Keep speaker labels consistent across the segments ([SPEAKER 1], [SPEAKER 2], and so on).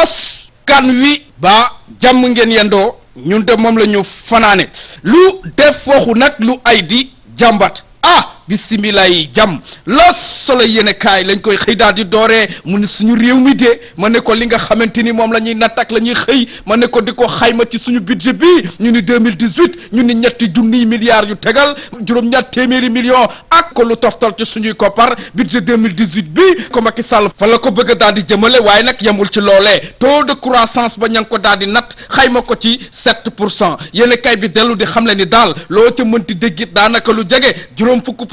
[SPEAKER 1] aas kan wi ba jàmm ngeen yendoo ñun de moom la ñu fanaane lu def waxu nag lu ay di jàmbat ah bisimilaay jàmm la solo yéene kaay lañ koy xëy daal di dooree mu ne suñu réew mi de ma ne ko li nga xamante ni moom la ñuy natt ak la ñuy xëy ma ne ko di ko xayma ci suñu budget bi ñu ni 2018 ñu ni ñetti junniy milliards yu tegal juróom-ñaar téeméeri million ak ko lu toftal ci suñuy koppar budget 2018 bi ko Macky Sall fa la ko bëgg a daal di jëmale waaye nag yemul ci loolee taux de croissance ba ña ko daal di natt xayma ko ci 7 pour cent yéene bi dellu di xamle ni daal loo ca mënti dégg it daanaka lu jege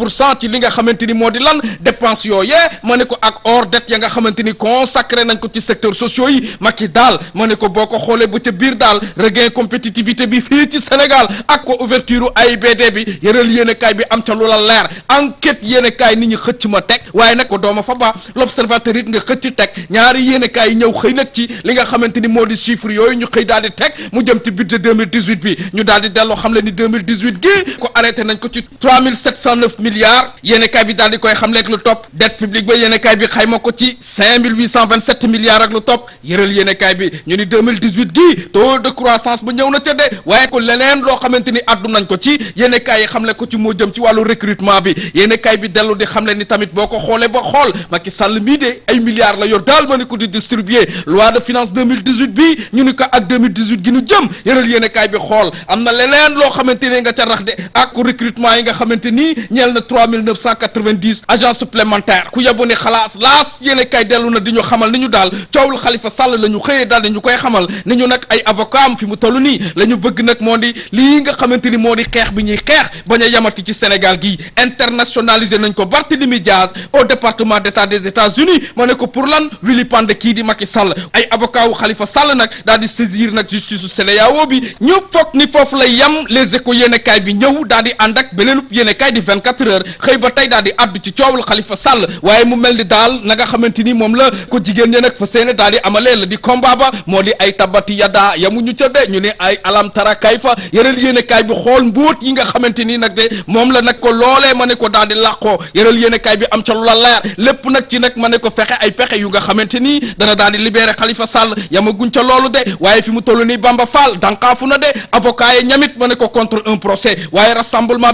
[SPEAKER 1] pour cent ci li nga xamante ni moo di lan dépense yooyee ma ne ko ak hors dette nga xamante ni consacré nañ ko ci secteur sociaux yi Macky daal ma ne ko boo ko xoolee ba ca biir daal regain compétitivité bi fii ci Sénégal ak ko ouverture AIBD bi yëral yéenekaay bi am ca lu la leer enquête yéenekaay nit ñi xëcc ma teg waaye nag ko dooma fa ba l'observateur it nga xëcc teg ñaari yéenekaay ñëw xëy nag ci li nga xamante moo di chiffre yooyu ñu xëy daal teg milliards yéene kaay bi daal di koy xamle ak lu topp dette publique ba yéene kaay bi xayma ko ci cinq mille huit cent vingt sept milliards ak lu topp yëral yéene kaay bi ñu ni deux mille de croissance ba ñëw na ca de waaye ko leneen loo xamante ni nañ ko ci yéene yi xamle ko ci moo jëm ci wàllu recrutement bi yéene bi dellu di xamle ni tamit boo ko xoolee ba xool Macky Sall mii de ay milliards la yor daal ma ni ko di distribuer loi de finance deux ñu ni ko ak gi ñu jëm yëral mille 3990 agents supplémentaires ku yebu ni xalaas laas yéene kay dellu na di ñu xamal ni ñu daal coowul Khalifa Sall la ñu xëyee daal di ñu koy xamal ni ñu nag ay avocat am fi mu toll nii la ñu bëgg nag moo di lii nga xamante ni moo di xeex bi ñuy xeex bañ a yamati ci Sénégal gi internationalisé nañ ko Barthélémy Diaz au département d'état des États-Unis ma ne ko pour lan Willy Pande kii di Macky Sall ay avocat wu xalifa Sall nag daal di saisir nag justice su CEDEAO bi ñu foog ni foofu lay yam les échos yéene kaay bi ñëw daal di ànd ak beneenub yéene procureur xëy ba tey daal di addu ci coowul Khalifa Sall waaye mu mel ni daal na nga xamante ni moom la ko jigéen ñi nag fa seene daal di amalee la di combat ba moo di ay tabati yadda yamu ñu ca de ñu ne ay alam kay fa yëral yéene bi xool mbóot yi nga xamante ni nag de moom la nag ko loolee ma ne ko daal di làqoo yëral yéene kaay bi am ca lu la leer lépp nag ci nag ma ne ko fexe ay pexe yu nga xamante ni dana daal di libéré Khalifa Sall yamaguñ ca loolu de waaye fi mu na de avocat yi ñamit ma ne ko contre un procès waaye rassemblement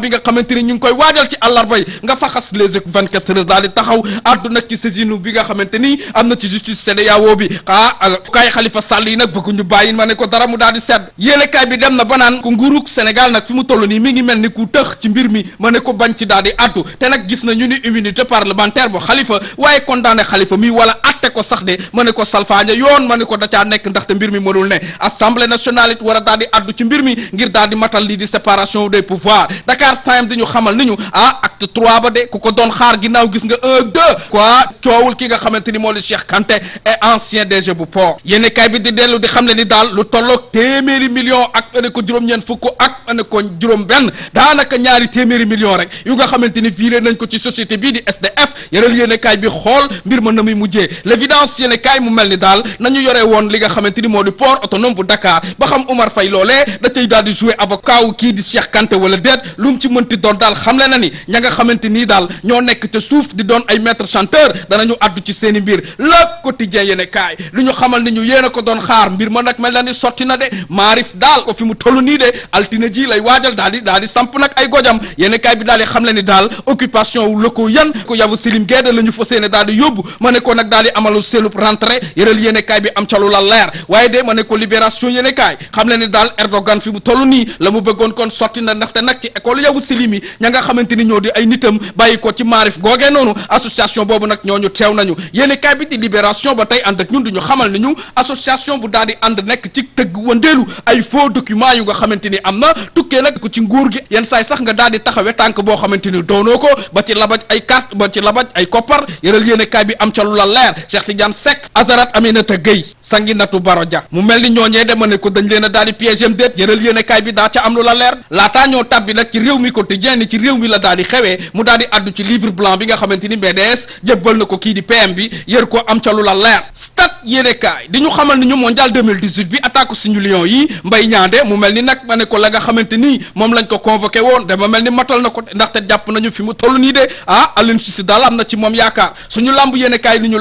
[SPEAKER 1] àllarba yi nga faxas les écu 24 heures daal di taxaw addu nag ci saisine bi nga xamante ni am na ci justice CEDEAO bi ah kaay Xalifa Sall yi nag bëgguñu bàyyi ma ne ko dara mu daal di sedd yéenekaay bi dem na ba naan ku nguurug Sénégal nag fi mu toll nii mi ngi mel ni ku tëx ci mbir mi ma ne ko bañ ci daal di addu te nag gis na ñu ni immunité parlementaire bu Xalifa waaye condamné Xalifa mi wala at te ko sax de ma ne ko salfaaña yoon ma ne ko da caa nekk ndaxte mbir mi mënul ne assemblée nationale it war a daal di addu ci mbir mi ngir daal di matal lii di séparation des pouvoirs Dakar Times di ñu xamal ni ñu ah acte trois ba de ku ko doon xaar ginnaaw gis nga un deux quoi coowul ki nga xamante ni moo di Cheikh Kanté et ancien DG bu port yéen kay bi di dellu di xam le ni daal lu tolloog téeméeri million ak ane ko juróom-ñeent fukk ak ane ko juróom-benn daanaka ñaari téeméeri million rek yu nga xamante ni viré nañ ko ci société bii di SDF yeneen yéen kay bi xool mbir ma na muy mujjee l'évidence yéen kaay mu mel ni daal nañu yore woon li nga xamante ni moo di port autonome bu Dakar ba xam Umar Fay loolee da tey daal di jouer avocat wu kii di Cheikh Kanté wala déet lu mu ci mënti doon daal xamle na ni ña nga xamante nii daal ñoo nekk ca suuf di doon ay maître chanteur danañu addu ci seen i mbir Le Quotidien yéen kaay lu ñu xamal ni ñu yéen a ko doon xaar mbir ma nag mel na ni sotti na de maarif daal ko fi mu toll nii de altine ji lay waajal daal di daal di samp nag ay gojam yéen kaay bi daal di xamle ni daal occupation wu yan ko yabu Silim Guède la ñu fas yéene daal di yóbbu ma amalu selub rentrée yëral yéene bi am ca la leer waaye de ma ne ko libération yéene xam le ni daal Erdogan mu toll nii la mu bëggoon kon sotti na ndaxte nag ci école yowu silimi ña nga xamante ni ñoo di ay nitam bàyyi ko ci maarif googee noonu association boobu nag ñooñu teew nañu yéene kaay bi di libération ba tey ànd ak ñun du ñu xamal ni ñu association bu daal di ànd nekk ci tëgg wëndeelu ay faux documents yu nga xamante ni am na tukkee nag ko ci nguur gi yenn saay sax nga daal di taxawe tànk boo xamante ni doonoo ko ba ci labaj ay carte ba ci labaj ay koppar yëral yéene kaay bi am ca lu la leer Cheikh Tidiane Seck Azarat Aminata Gueye Sanginatu Baro Dia mu mel ni ñooñee dama ne ko dañ leen daal di piégé am déet yëral yéen bi daa ca am lu la leer laataa ñoo tàbbi nag ci réew mi quotidien ni ci réew mi la daal di xewee mu daal di addu ci livre blanc bi nga xamante ni BDS na ko kii di PM bi yër ko am ca lu la leer stade yéene di ñu xamal ni ñu mondial 2018 bi attaque suñu lion yi mbay ñaande mu mel ni nag ma ne ko la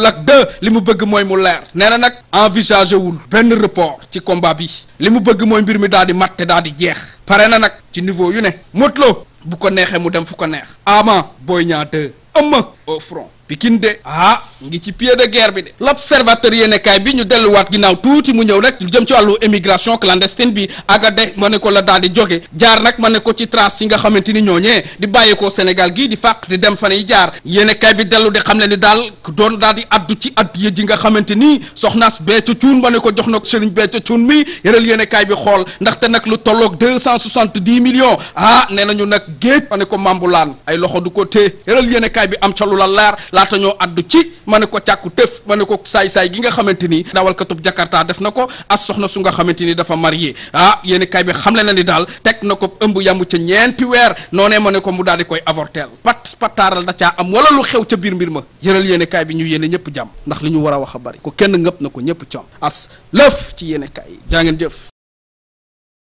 [SPEAKER 1] nga li mu bëgg mooy mu leer nee na nag envisagé wul benn report ci combat bi li mu bëgg mooy mbir mi daal di mat te daal di jeex pare na nag ci niveau yu ne Modou bu ko neexee mu dem fu ko neex Ama Boy Niang 2 ëmma au front Pikine de ah ngi ci pied de guerre bi de l'observateur yéenekaay bi ñu delluwaat ginnaaw tuuti mu ñëw rek lu jëm ci wàllu émigration clandestine bi Agadez ma ne ko la daal di jóge jaar nag ma ne ko ci trace yi nga xamante ñooñee di bàyyeekoo Sénégal gii di fàq di dem fan yi jaar yéenekaay bi dellu di xam ne ni daal doon daal di addu ci addiya ji nga xamante ni soxnaas Béthio ma ne ko jox na Serigne Béthio Thioune mi yëral yéenekaay bi xool ndaxte nag lu tolloog deux cent soixante-dix millions ah nee nañu nag géej ma ne ko mambulaan ay loxo du ko téye la leer laata ñoo àddu ci ma ne ko càkku tëf ma ne ko saay-saay gi nga xamante ni dawalkatub jakarta def na ko as soxna su nga xamante ni dafa marié ah yéeni bi xam le na ni daal teg na ko ëmb yàmb ca ñeenti weer noonee ma ne ko mu daal di koy avorteel pat pataaral da caa am wala lu xew ca biir mbir ma yëral yéeni kay bi ñu yéene ñëpp jàmm ndax li ñu war a wax a bari ko kenn ngëpp na ko ñëpp coom as lëf ci yéeni kay yi jaa ngeen jëf